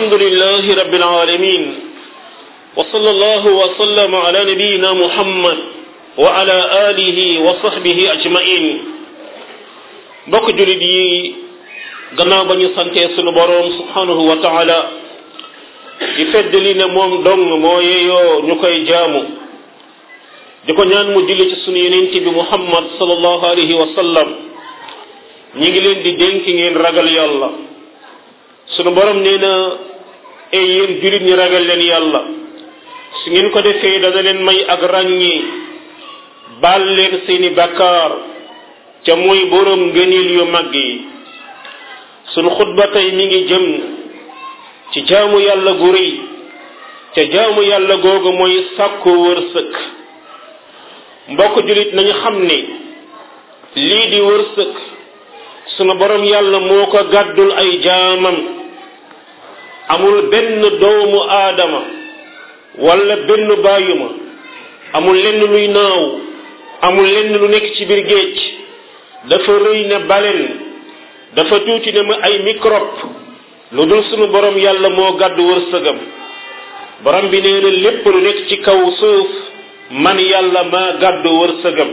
الحمد لله رب العالمين وصلى الله وسلم على نبينا محمد وعلى آله وصحبه أجمعين بك جلدي gannaaw ba ñu santee sunu boroom subhanahu wa taala di feddali ne moom dong moo yeeyoo ñu koy jaamu di ko ñaan mu julli ci sunu yonent bi muhammad sallallahu alayhi wa sallam ñi ngi leen di dénk ngeen ragal yàlla sunu borom nee na ay jullit ñi ragal leen yàlla su ngeen ko defee dana leen may ak ràññi baal leen seeni bàkkaar ca mooy borom ngëneel yu mag yi sunu xutba tey mi ngi jëm ci jaamu yàlla gu rëy ca jaamu yàlla googu mooy sàkku wërsëg mbokk jullit nañu xam ne lii di wërsëg sunu borom yàlla moo ko gàddul ay jaamam amul benn doomu aadama wala benn bàyyuma amul lenn luy naaw amul lenn lu nekk ci biir géej dafa rëy ne baleine dafa tuuti ne ma ay microbe lu dul sunu borom yàlla moo gàddu wërsëgam borom bi nee na lépp lu nekk ci kaw suuf man yàlla maa gàddu wërsëgam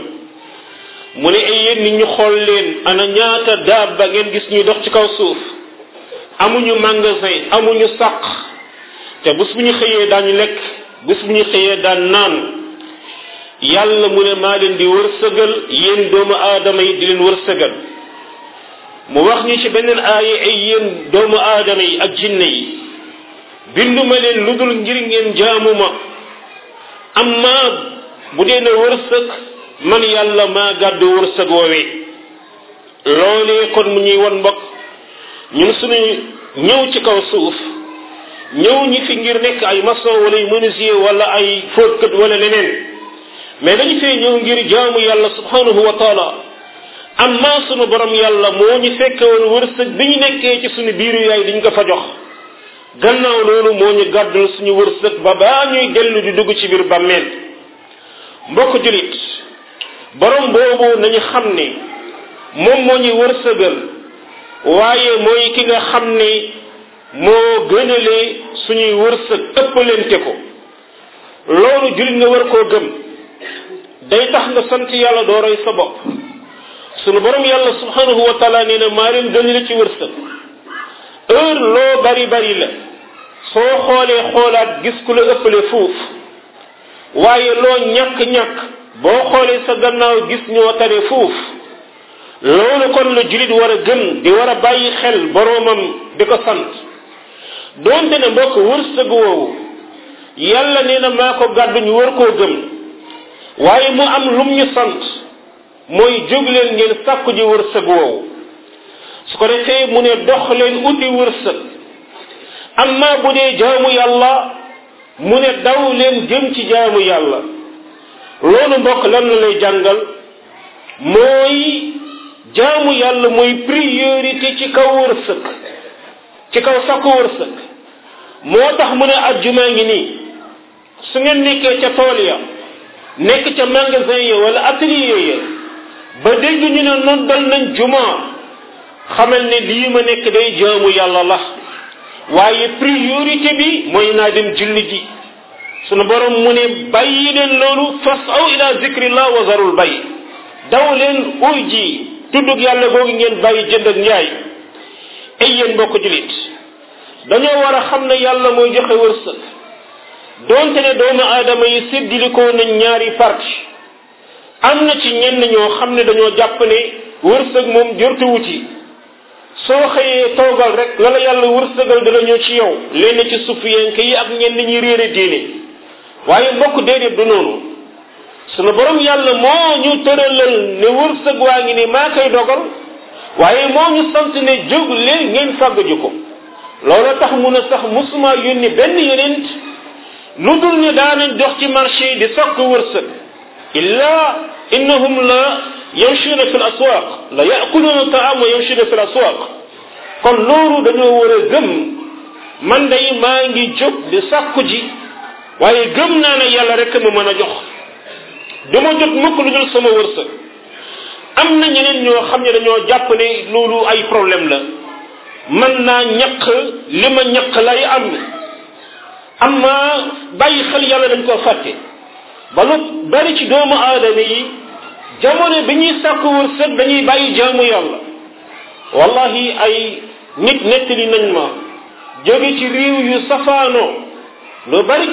mu ne ay yéen ñu xool leen ana ñaata daab ba ngeen gis ñuy dox ci kaw suuf amuñu magasin amuñu sàq te bés bu ñu xëyee daañu lekk bés bu ñu xëyee daan naan yàlla mu ne maa leen di wërsëgal yéen doomu aadama yi di leen wërsëgal mu wax ñu ci beneen aaya ay yéen doomu aadama yi ak jinne yi binduma leen lu dul ngir ngeen jaamuma amma bu dee na wërsëg man yàlla maa gàddu wërsëg woowee loolee kon mu ñuy won mbokk ñun suñu ñëw ci kaw suuf ñëw ñi fi ngir nekk ay maçon wala ay menuisier wala ay fóotkat wala leneen mais dañu fee ñëw ngir jaamu yàlla subhanahu wa taala amma sunu borom yàlla moo ñu fekke woon wërsëg bi ñu nekkee ci suñu biiru yaay diñ ko fa jox gannaaw loolu moo ñu gàddul suñu wërsëg ba baa ñuy dellu di dugg ci biir bàmmeel mbokk julit borom boobu nañu xam ne moom moo ñuy wërsëgal waaye mooy ki nga xam ne moo gënale suñuy wërsëg ëppalante ko loolu jullit nga war koo gëm day tax nga sant yàlla doo roy sa bopp sunu boroom yàlla subhanahu wa taala nee na maa leen gënale ci wërsëg heure loo bari bari la soo xoolee xoolaat gis ku la ëppale fuuf waaye loo ñàkk-ñàkk boo xoolee sa gannaaw gis ñoo tane fuuf loolu kon lu jullit war a gëm di war a bàyyi xel boroomam di ko sant doonte ne mbokk wërsëg woowu yàlla nee na maa ko gàddu war koo gëm waaye mu am lum ñu sant mooy jóg leen ngeen sàkku ji wërsëg woowu su ko defee mu ne dox leen uti wërsëg amma bu dee jaamu yàlla mu ne daw leen jëm ci jaamu yàlla loolu mbokk lan lay jàngal mooy jaamu yàlla mooy priorité ci kaw wërsëg ci kaw sakku wërsëg moo tax mu ne ajjuma ngi nii su ngeen nekkee ca tool ya nekk ca magasin ya wala atelier ya ba dégg ñu ne noonu dal nañ juma xamal ne lii ma nekk day jaamu yàlla la waaye priorité bi mooy naa dem julli ji sunu borom mu ne bàyyi leen loolu fas aw ila zikrillah wa zarul bay daw leen uj tuddug yàlla googu ngeen bàyyi jënd ak njaay ay yéen mbokk julit dañoo war a xam ne yàlla mooy joxe wërsëg doonte ne doomu aadama yi séddilikoo nañ ñaari parti am na ci ñenn ñoo xam ne dañoo jàpp ne wërsëg moom jortu wuti soo xëyee toogal rek lala yàlla wërsëgal dana ñëw ci yow lenn ci sufiyanke yi ak ñenn ñi réere diine waaye mbokk déedéet du noonu sunu borom yàlla moo ñu tëralal ne wërsëg waa ngi ni maa koy dogal waaye moo ñu sant ne jóg leen ngeen fàggaju ko loolu tax mu a sax musuma yónni benn yonent lu dul ne daanañ dox ci marché di sàkk wërsëg illa innahum la yamshuna fi l aswaq la yakuluna taam wa yamshuna fi l aswaq kon loolu dañoo war a gëm man day maa ngi jóg di sàkku ji waaye gëm naa ne yàlla rek ma mën a jox du ma jot mukk lu dul sama wërsëg am na ñeneen ñoo xam ne dañoo jàpp ne loolu ay problème la man naa ñaq li ma ñaq lay am am naa bàyyi xel yàlla dañ koo fàtte ba lu ci doomu aadama yi jamono bi ñuy sàkku wërsëg dañuy bàyyi jaamu yàlla wallahi ay nit nettali nañ ma jóge ci réew yu safaanoo lu bari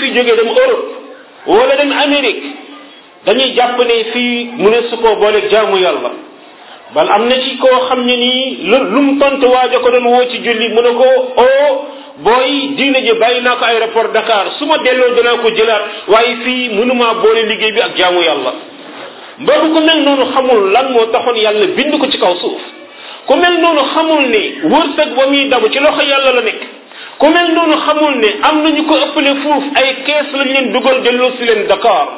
fi jóge dem Europe wala dem Amérique dañuy jàpp ne fii mu ne su koo booleeg jaamu yàlla bal am na ci ko xam ne ni lu lu mu tontu ko doon woo ci julli mu ne ko o oh, booy diine ji bàyyi naa ko aéroport dakaar su ma delloo danaa ko jëlaat waaye fii mënumaa boole liggéey bi ak jaamu yàlla mbokk ko mel noonu xamul lan moo taxoon yàlla bind ko ci kaw suuf ku mel noonu xamul ne wërsëg ba muy dabu ci loxo yàlla la nekk ku mel noonu xamul ne am nañu ko ëppale fuuf ay kees lañ leen dugal delloo si leen Dakar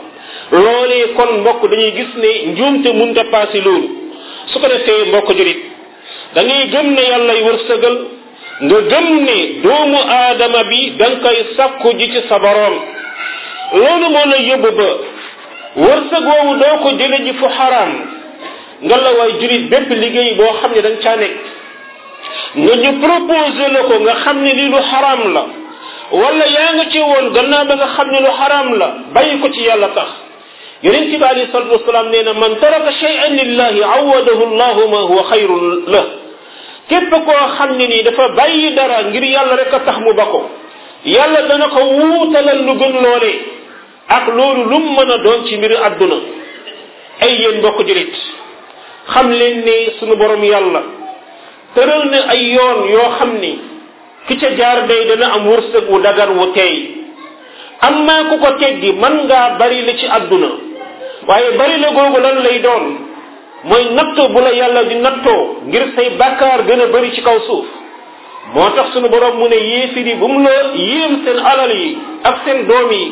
loolee kon mbokk dañuy gis ne njuumte mu paase loolu su ko defee mbokk jurit da ngay gëm ne yàllay wërsëgal nga gëm ne doomu aadama bi da nga koy sàkku ji ci sa boroom loolu moo lay yóbbu ba wërsëg doo ko jële ji fu xaraam nga la waay jurit bépp liggéey boo xam ne dañ nga caa nekk nga ñu proposé la ko nga xam ne lu xaraam la wala yaa nga ci woon gannaaw ba nga xam ne lu xaraam la bàyyi ko ci yàlla tax yonent bi alayhi salatu wasalaam na man taraka cheyan lillahi awadahu llahu ma huwa xayrun la képp koo xam nii dafa bàyyi dara ngir yàlla rek a tax mu ba ko yàlla dana ko wuutalal lu gën loolee ak loolu lu mën a doon ci mbiru àdduna ay yéen mbokk julit xam leen ne sunu borom yàlla tëral na ay yoon yoo xam ni ki ca jaar day dana am wërsëg wu dagan wu teey am maa ku ko teggi mën ngaa bari la ci àdduna waaye bari la googu lan lay doon mooy nattoo bu la yàlla di nattoo ngir say bàkkaar gën a bari ci kaw suuf moo tax sunu borom mu ne yéefir yi bu mu la yéem seen alal yi ak seen doom yi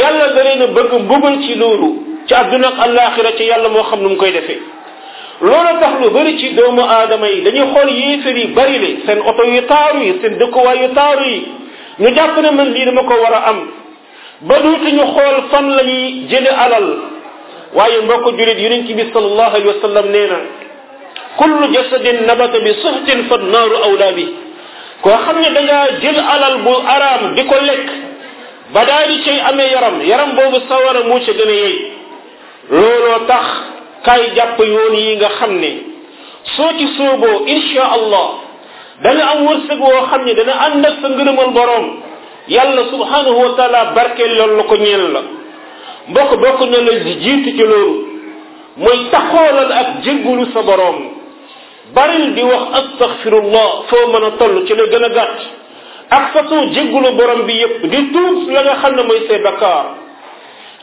yàlla da leen a bëgg mbugal ci loolu ci àdduna ak àllaaxira ci yàlla moo xam nu mu koy defee loola tax lu bari ci doomu aadama yi dañuy xool yéefir yi bari le seen oto yu taaru yi seen dëkkuwaay yu taaru yi ñu jàpp ne man lii dama ko war a am ba dootuñu xool fan la ñuy alal waaye mbokk julit yonent bi sallallahu alayhi wa sallam nee na kullu jasadin nabata bi suxtin fa naaru awlaa bi xam ne dangaa jël alal bu araam di ko lekk ba daal di amee yaram yaram boobu sawara mu ca gën a yey looloo tax kaay jàpp yoon yi nga xam ne soo ci sooboo insha allah danga am wërsëg woo xam ne dana ànd ak sa ngërëmal boroom yàlla subhanahu wa barkeel loolu la ko ñeel mbokk bokk na la jiitu ci loolu mooy taxoolal ak jéggulu sa boroom baril di wax astaghfirullah foo mën a toll ci la gën a gàtt ak façon jéggulu borom bi yépp di tuub la nga xam ne mooy say bakkaar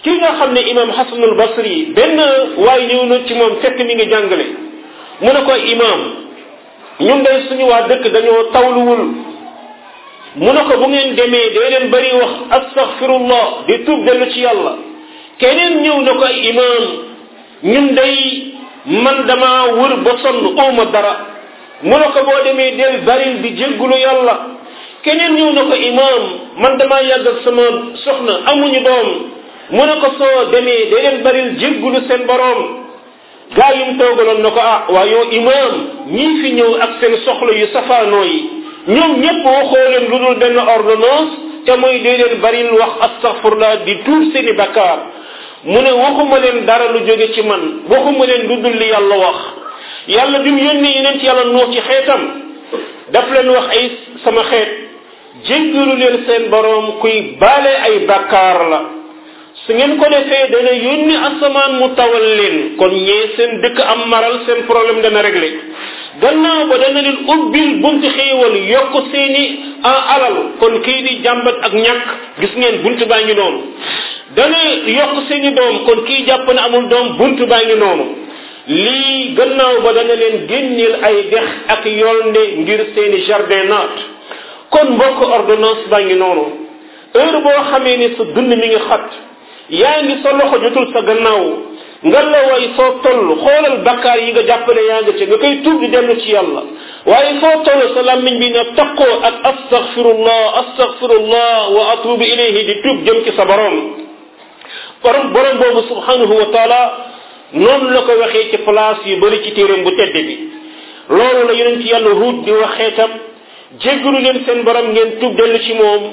ki nga xam ne imam hasanul basri benn waay ñëw na ci moom fekk mi ngi jàngale mu ne ko imam ñun day suñu waa dëkk dañoo tawluwul mu ne ko bu ngeen demee dee leen bëri wax astaghfirullah di tuub dellu ci yàlla keneen ñëw na ko imaam ñun day man dama wër ba ooma dara mu ne ko boo demee del baril di jéggulu yàlla keneen ñëw na ko imaam man dama yàgg ak sama soxna amuñu doom mu ne ko soo demee day leen baril jéggulu seen boroom gaa yi mu toogaloon na ko ah waa yow imaam ñii fi ñëw ak seen soxla yu safaanoo yi ñoom ñëpp waxoo leen lu dul benn ordonnance te mooy dee leen baril wax astaghfirullah di tuur seeni bakkaar mu ne waxuma leen dara lu jóge ci man waxuma leen lu dul li yàlla wax yàlla bi mu yónnee yeneen ci yàlla nuux ci xeetam daf leen wax ay sama xeet jéggalu leen seen boroom kuy bale ay bàkkaar la su ngeen ko defee dana yónni asamaan mu tawal leen kon ñee seen dëkk am maral seen problème dana réglé gannaaw ba dana leen ubbil buntu xéewal yokk seeni ah, alal kon kii di jàmbat ak ñàkk gis ngeen bunt baa ngi noonu dana yokk seeni doom kon kii jàpp amul doom bunt baa ngi noonu lii gannaaw ba dana leen génneel ay dex ak yolnde ngir seeni jardin naat kon mbokk ordonnance baa ngi noonu boo xamee ni sa dund mi ngi xat yaa ngi sa loxo jotul sa gannaaw nga la way soo toll xoolal bakkaar yi nga jàpp ne nga ci nga koy tuub di dellu ci yàlla waaye soo toll sa làmmiñ bi na takkoo ak astaghfirullah astaghfirullah wa atubu ilayhi di tuub jëm ci sa borom borom borom boobu subhanahu wa taala noonu la ko waxee ci place yu bari ci téeréem bu tedd bi loolu la yonent yàlla ruut di waxee tam jéggalu leen seen borom ngeen tub dellu ci moom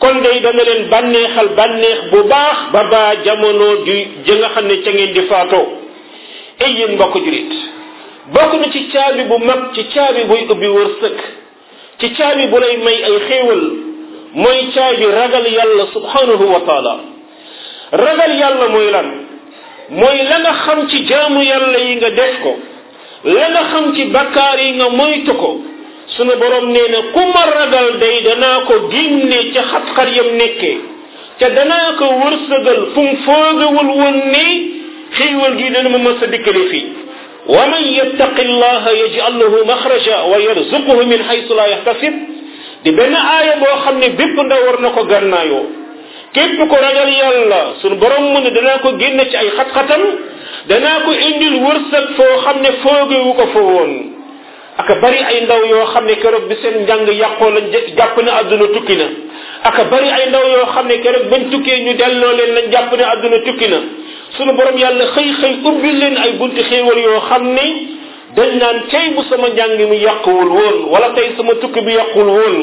kon day dana leen bànneexal bànneex bu baax ba baa jamono di ja xam ne ca ngeen di faatoo ay yéen mbokk jurit bokk ci caabi bu mag ci caabi buy ubbi wërsëg ci caabi bu lay may ay xéewal mooy caabi ragal yàlla subhanahu wa taala ragal yàlla mooy lan mooy la nga xam ci jaamu yàlla yi nga def ko la nga xam ci bakkaar yi nga moytu ko sunu borom nee na ku ma ragal day danaa ko génne ca xat-xat yam nekkee ca danaa ko wërsëgal fu mu foogewul woon ne xéewal gi dana ma mës a dikkale fii wa man yattaqi llaha yaj'al lahu maxraja wa yarzuquhu min haythu la yahtasib di benn aaya boo xam ne bépp ndaw war na ko gannaayoo képp ko ragal yàlla sunu borom mu ne danaa ko génne ci ay xat-xatam danaa ko indil wërsëg foo xam ne foogewu ko fa woon aka bari ay ndaw yoo xam ne keroog bi seen njàng yàqoo lañ jàpp ne àdduna tukki na aka bari ay ndaw yoo xam ne keroog bañ tukkee ñu delloo leen lañ jàpp ne àdduna tukki na sunu borom yàlla xëy xëy ubbi leen ay bunti xéewal yoo xam ne dañ naan cey bu sama njàng muy yàquwul woon wala tey sama tukki bi yàquwul woon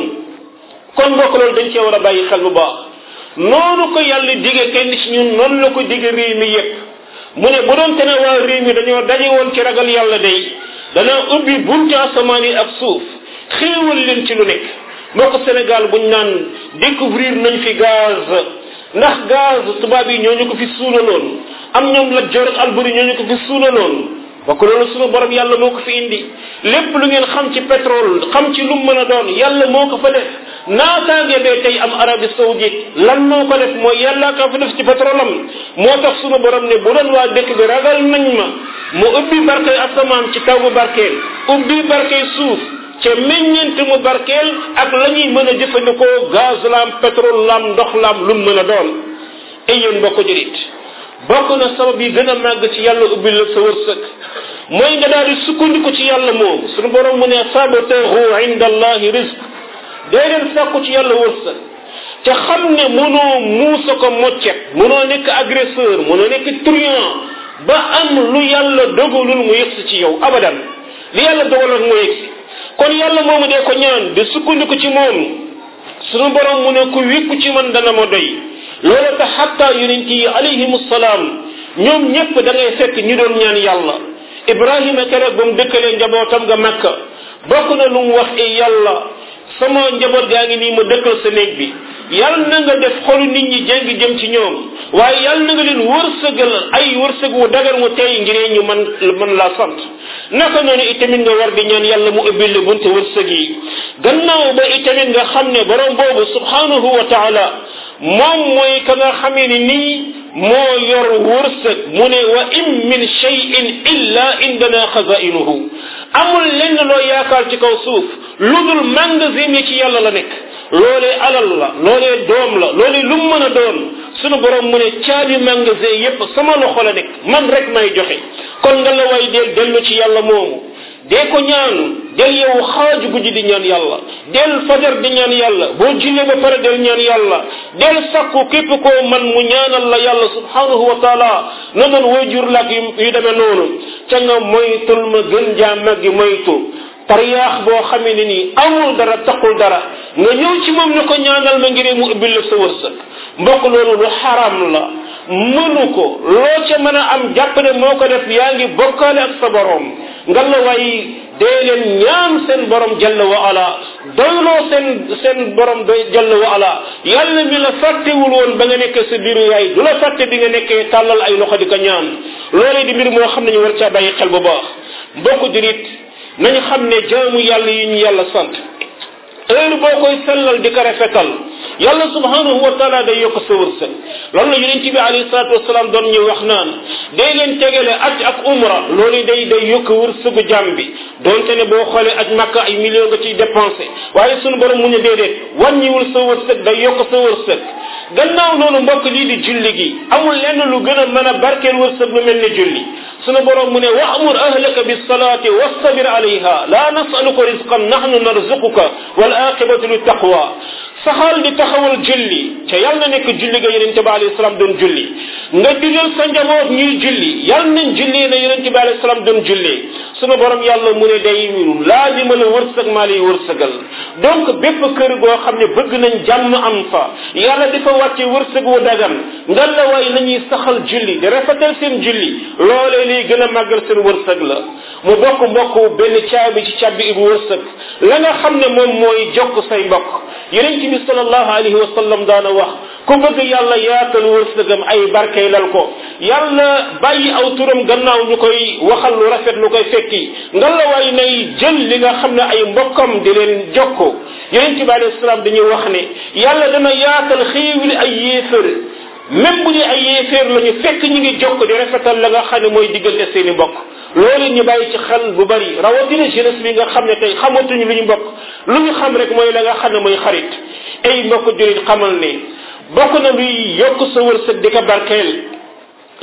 kon mbokk loolu dañ cee war a bàyyi xel bu baax noonu ko yàlla dige kenn ci ñun noonu la ko dige mi yépp mu ne bu doon te ne waa réew mi dañoo daje woon ci ragal yàlla day danaa ubbi bunti asamaan yi ak suuf xéewal leen ci lu nekk mbokk Sénégal buñ naan découvrir nañ fi gaz ndax gaz tubaab yi ñooñu ko fi suulaloon am ñoom la jorog alburi ñooñu ko fi suulaloon bokk loolu sunu borom yàlla moo ko fi indi lépp lu ngeen xam ci pétrole xam ci lu mën a doon yàlla moo ko fa def naataange bee tey am Arabie Saoudite lan moo ko def mooy yàlla ka fa def ci pétrole am moo tax sunu borom ne bu doon waa dëkk bi ragal nañ ma mu ubbi barkey asamaan ci taw bu barkeel ubbi barkey suuf ca meññeent mu barkeel ak la ñuy mën a jëfandikoo gaz laam pétrole laam ndox lam lu mën a doon ay yéen mbokk jurit bokk na sabab yi gën a màgg ci yàlla ubbi la sa wërsëg mooy nga daal di sukkandiku ci yàlla moom sunu borom mu ne sabatahu inda allahi rizq day leen sàkku ci yàlla wërsëg ca xam ne mënoo muusa ko moccet mënoo nekk agresseur mënoo nekk truand ba am lu yàlla dogalul mu yëgsi ci yow abadan li yàlla dogaloon mu yëgsi kon yàlla moomu dee ko ñaan de ko ci moom sunu borom mu ne ku wékku ci man dana ma doy loolu tax xatta yonent yi alayhimu salaam ñoom ñépp da ngay fekk ñu doon ñaan yàlla ibrahima keroog ba mu dëkkalee njabootam nga màkka bokk na lu mu wax i yàlla sama njaboot gaa ngi nii ma dëkkal sa néeg bi yal na nga def xolu nit ñi jéng jëm ci ñoom waaye yal na nga leen wërsëgal ay wërsëg wu dagar mu tey ngir ñu man man laa na naka noonu itamit nga war di ñaan yàlla mu ubbil la bunte wërsëg yi gannaaw ba itamit nga xam ne borom boobu subhanahu wa taala moom mooy ka nga xamee ni nii moo yor wërsëg mu ne wa in min cheyin illa indana xazainuhu amul lenn loo yaakaar ci kaw suuf lu dul magasin yi ci yàlla la nekk loolee alal la loolee doom la loolee lu mu mën a doon sunu borom mu ne caabi magasin yépp sama loxo la nekk man rek may joxe kon nga la way deel dellu ci yàlla moomu de ko ñaanu del yow xaaju guddi di ñaan yàlla del fajar di ñaan yàlla boo jullee ba pare del ñaan yàlla del sakku képp koo man mu ñaanal la yàlla subhanahu wa taala na noon way jur laak yu noonu ca nga moytul ma gën jaa màggi moytu tariyaax boo xamee ne nii amul dara taxul dara nga ñëw ci moom ne ko ñaanal ma ngir mu ubbil la sa wërsëg mbokk loolu lu xaram la mënu ko loo ca mën a am jàpp ne moo ko def yaa ngi bokkaale ak sa borom ngal la waaye dee leen ñaan seen borom jalla wa ala doyloo seen seen borom doy jalla wa ala yàlla mi la fàttewul woon ba nga nekkee sa biiru yaay du la fàtte bi nga nekkee tàllal ay loxo di ko ñaan loolee di mbir moo xam ne ñu war caa bàyyi xel bu baax mbokku jurit nañu xam ne jaamu yàlla yi ñu yàlla sant heure boo koy sellal di ko rafetal yàlla subhanahu wa taala day yokk sa wërsëg loolu la yonent bi alayhi salaatu doon ñu wax naan day leen tegale aj ak umra loolu day day yokk wërsëgu jàmm bi donte ne boo xoolee aj makka ay millions nga ciy dépensé waaye sunu borom mu ne déedéet wàññiwul sa wërsëg day yokk sa wërsëg gannaaw loolu mbokk lii di julli gi amul lenn lu gën a mën a barkeel wërsëg lu mel ni julli sunu borom mu ne wa amur ahlaka bi salaati wastabir alayha laa nasaluka risqan nahnu narzuquka wal aqibatu li taqwa saxaal di taxawal julli ca yàlla na nekk julli ga yeneen te ba alayhi salaam doon julli nga jugal sa njaboot ñuy julli yal nañ jullee na yonente bi alayhi salaam doon jullee sunu borom yàlla mu ne day ñun laa li mën a wërsëg maa lay wërsëgal donc bépp kër goo xam ne bëgg nañ jàmm am fa yàlla di fa wàcce wërsëg wu dagan ngan la waay nañuy saxal julli di rafetal seen julli loolee liy gën a màggal seen wërsëg la mu bokk mbokk benn caabi ci caabi ibu wërsëg la nga xam ne moom mooy jokk say mbokk yeneen ci bi sallallahu alayhi wa sallam daana wax ku bëgg yàlla yaatal wërsëgam ay barkeelal ko yal na bàyyi aw turam gannaaw ñu koy waxal lu rafet lu koy fekki nga la waay nay jël li nga xam ne ay mbokkam di leen jokko yonent bi alayhi salaam dañuy wax ne yàlla dana yaatal xéewali ay yéefar même bu ñu ay yéeféer la ñu fekk ñu ngi jokk di rafetal la nga xam ne mooy diggante seen i mbokk loolu ñu bàyyi ci xel bu bari rawatina jeunesse bi nga xam ne tey xamatuñu lu ñu mbokk lu ñu xam rek mooy la nga xam ne mooy xarit ay mbokk jurit xamal ne bokk na luy yokk sa wërsëg di ko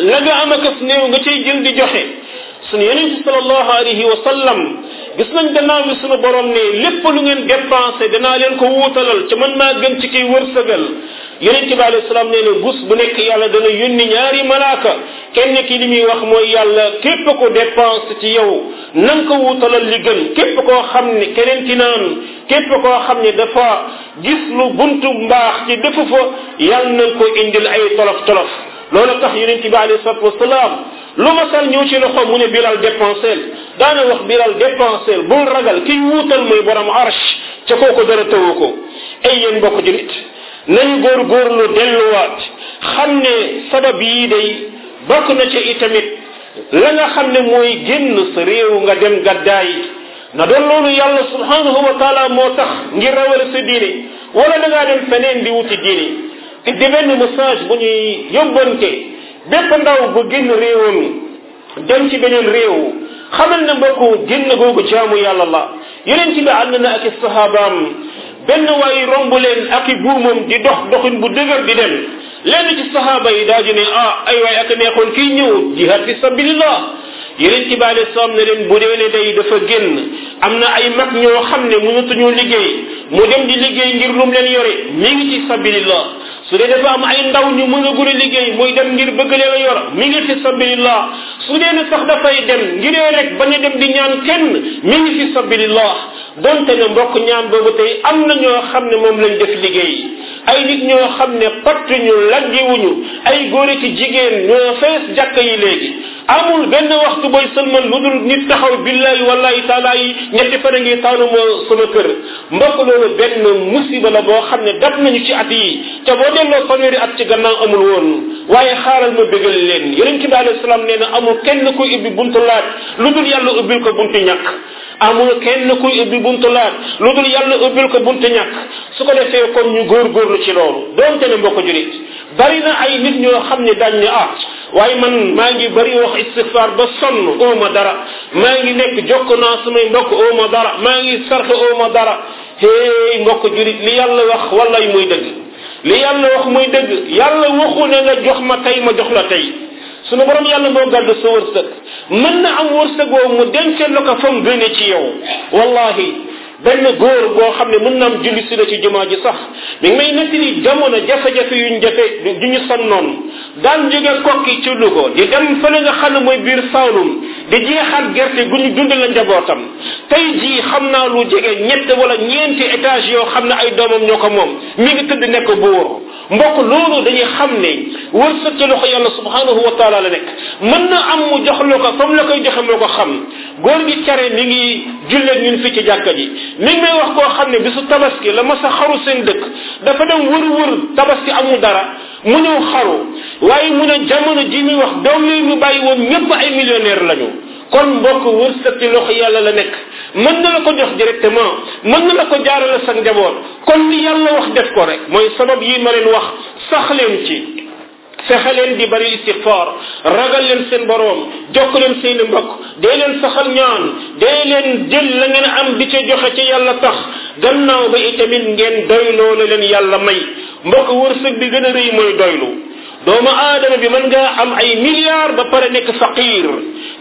la nga am akas néew nga cay jël di joxe sunu yonent bi sallallahu alayhi wa sallam gis nañ gannaaw bi sunu borom ne lépp lu ngeen dépensé danaa leen ko wuutalal ca man maa gën ci kiy wërsëgal yonent bi alayhi salaam nee bu nekk yàlla dana yónni ñaari malaaka kenn ki li muy wax mooy yàlla képp ko dépense ci yow na nga ko wuutalal li gën képp koo xam ne keneen ki naan képp koo xam ne dafa gis lu buntu mbaax ci defu fa yàlla na ko indil ay tolof tolof loolu tax yonent bi alayhi salatu wasalaam lu ma sal ñëw ci loxo mu ne bilal dépensel daana wax bilal dépensel bul ragal ki wuutal mooy borom arsh ca kooku dara tëwu ko ay yéen mbokk julit nañ góorgóorlu delluwaat xam ne sabab yii day bokk na ca itamit la nga xam ne mooy génn sa réew nga dem gàddaay na doon loolu yàlla subhanahu wa taala moo tax ngir rawale sa diine wala da ngaa dem feneen di wuti diine te di na message bu ñuy yóbbante bépp ndaw bu génn réewam dem ci beneen réew xamal na mbokku génn googu jaamu yàlla la yeneen ci bi ànd ak i sahabaam benn waay romb leen ak i buumam di dox doxin bu dëgër di dem lenn ci sahaaba yi daa di ne ah, ay waay ak kii ñu ñëw jihad fi sabilillah yeneen ci baale soom ne leen bu dee ne day dafa génn am na ay mag ñoo xam ne mënatuñu liggéey mu dem di liggéey ngir lum leen yore mi ngi ci sabilillah su dee dafa am ay ndaw ñu mën a guri liggéey muy dem ngir bëgg leen a yor mi ngi fi sabilillah su dee ne sax dafay dem ngiree rek ba ñu dem di ñaan kenn mi ngi fi sabilillah donte ne mbokk ñaan boobu tey am na ñoo xam ne moom lañ def liggéey ay nit ñoo xam ne pattuñu laggiwuñu ay góor ki jigéen ñoo fees jàkka yi léegi amul benn waxtu booy sëlmal lu dul nit taxaw billahi wallahi taala yi ñetti fan a ngi taanu moo sama kër mbokk loolu benn musiba la boo xam ne dab nañu ci at yi te boo delloo fanweeri at ci gannaaw amul woon waaye xaaral ma bégal leen yonent bi alayhi salaam nee na amul kenn kuy ubbi buntu laaj lu dul yàlla ubbil ko buntu ñàkk amul kenn kuy ubbi buntu laaj lu dul yà ubbil ko buntu ñàkk su ko defee kon ñu góorgóorlu ci loolu doonte ne mbokku julit bari na ay nit ñoo xam ne dañ ne ah waaye man maa ngi bari wax istigfaar ba sonn ma dara maa ngi nekk jokk naa sumay mbokk ooma dara maa ngi sarxe ma dara hey mbokk julit li yàlla wax wallay muy dëgg li yàlla wax muy dëgg yàlla waxu ne nga jox ma tey ma jox la tey sunu borom yàlla moo gàddu sa wërsëg mën na am wërsëg woowu mu dencee la ko fa ci yow wallahi benn góor goo xam ne mën naa am julli si la ci jumaa ji sax mi ngi may netti ni jamono jafe-jafe yuñ jafe ju ñu sonnoon daan jóge kokki ci Louga di dem fële nga xam ne mooy biir Saalum di jeexaat gerte gu ñu dund la njabootam tey jii xam naa lu jege ñett wala ñeenti étage yoo xam ne ay doomam ñoo ko moom mi ngi tëdd nekk buur mbokk loolu dañuy xam ne wërsëg ci loxo yàlla subhanahu wa taala la nekk mën na am mu jox la ko comme la koy joxe moo ko xam góor gi care mi ngi jullee ñun fii ci ji mi ngi wax koo xam ne bisu tabaski la mas a xaru seen dëkk dafa dem wër-wër tabaski amul dara mu ñëw xaru waaye mu ne jamono ji muy wax doom yooyu mu bàyyi woon ñëpp ay millionnaire lañu kon mbokk wërsëg ci loxo yàlla la nekk mën na la ko jox directement mën na la ko jaarale sa njaboot kon li yàlla wax def ko rek mooy sabab yi ma leen wax sax leen ci fexe leen di bari istigfaar ragal leen seen boroom jokk leen seeni mbokk dee leen saxal ñaan dee leen jël la ngeen am di ca joxe ce yàlla tax gannaaw ba itamit ngeen doyloo la leen yàlla may mbokk wërsëg bi gën a rëy mooy doylu doomu aadama bi mën ngaa am ay milliards ba pare nekk faqir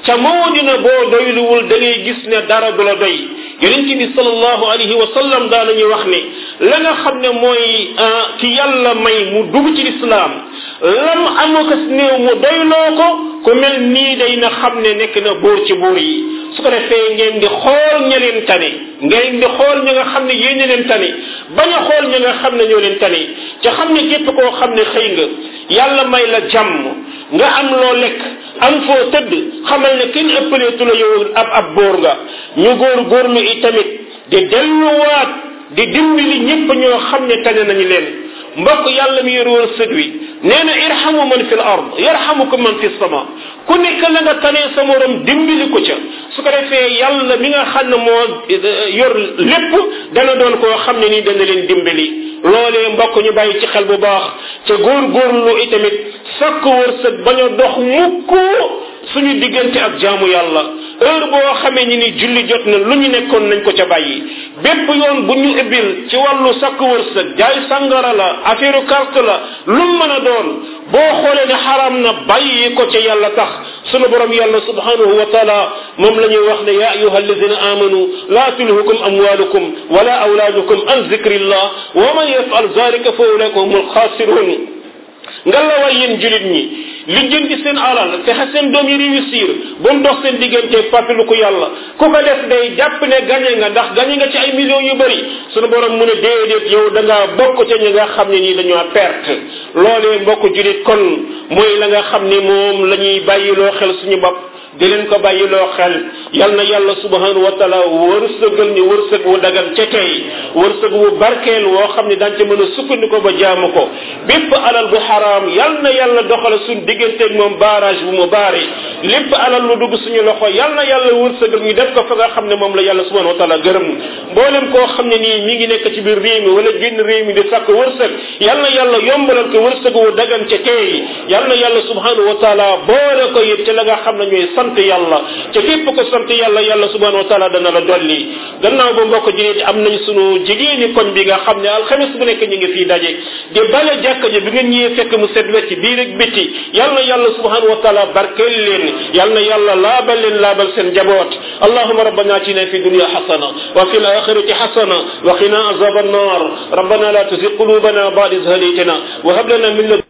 ca moo dina boo doyluwul da ngay gis ne dara du la doy yonent bi sallallahu alayhi wa sallam daanañuy wax ne la nga xam ne mooy ah, ki yàlla may mu dugg ci lislaam lam amukas néew mu doyloo ko ku mel nii day na xam ne nekk na buur ci buur yi su ko defee ngeen di xool ña leen tane ngeen di xool ña nga xam ne yéen ña leen tane bañ a xool ña nga xam ne ñoo leen tane ca xam ne képp koo xam ne xëy nga yàlla may la jàmm nga am loo lekk am foo tëdd xamal ne kenn ëppaleetu la yow ab ab boor nga ñu góor góorlu tamit di delluwaat di dimbali ñëpp ñoo xam ne tane nañu leen mbokk yàlla mi yor sëdd wi nee na irhamu man fil ard ko man fis sama ku nekk la nga tanee sa morom dimbali ko ca su ko defee yàlla mi nga xam ne moo eh, yor lépp dana doon ko xam ne nii dana leen dimbali loolee mbokk ñu bàyyi ci xel bu baax ca góorgóorlu itamit sakk wërsëg baño a dox mukk suñu diggante ak jaamu yàlla heure boo xamee ñi ni julli jot na lu ñu nekkoon nañ ko ca bàyyi bépp yoon bu ñu ibbil ci wàllu sakk wërsëg jaay sàngara la affaire carte la lu mën a doon boo xoolee ne xaraam na bàyyi ko ca yàlla tax sunu borom yàlla subhanahu wa taala moom la ñuy wax ne ya ayuha alladina amanu la tulhikum amwalukum wala awlaadukum an zikrillah wa man yafal zalika fa ulaika hum alxaasirun nga la waay yéen julit ñi li jën ci seen alal fexe seen doom yi réussir ba mu dox seen diggante fàttaliku ko yàlla ku ko def day jàpp ne gañe nga ndax gañe nga ci ay millions yu bëri sunu borom mu ne déedéet yow da ngaa bokk ca ñi nga xam ne nii dañoo perte loolee mbokk julit kon mooy la nga xam ne moom la ñuy bàyyiloo xel suñu bopp di leen ko loo xel yal na yàlla subhanahu wa taala wërsëgal ñu wërsëg wu dagan ca tey wërsëg wu barkeel woo xam ne daan ca mën a sukkandiku ba jaamu ko bépp alal bu xaraam yal na yàlla doxal suñ digganteeg moom barrage bu mu baari lépp alal lu dugg suñu loxo yal na yàlla wërsëgal ñu def ko fa nga xam ne moom la yàlla subhanahu wa taala gërëm mboolem koo xam ne nii mi ngi nekk ci biir réew mi wala génn réew mi di sàkk wërsëg yal na yàlla yombalal ko wërsëg wu dagan ca tey yal na yàlla subhanahu wa taala ko yit ci la nga xam sant yàlla ca képp ko sant yàlla yàlla subhanahu wa taala dana la dolli gannaaw ba mbokk jigéen yi am nañ sunu jigéeni koñ bi nga xam ne alxames bu nekk ñu ngi fii daje di bale jàkka ji bi ngeen ñëwee fekk mu set wecc biir ak bitti yàlla na yàlla subhanahu wa taala barkeel leen yàlla na yàlla laabal leen laabal seen jaboot allahuma rabbana atina fi dunya xasana wa fi alaxirati xasana wa qina azab annar rabbana la tuzig qulubana ba'da idh hadaytana wa hab lana min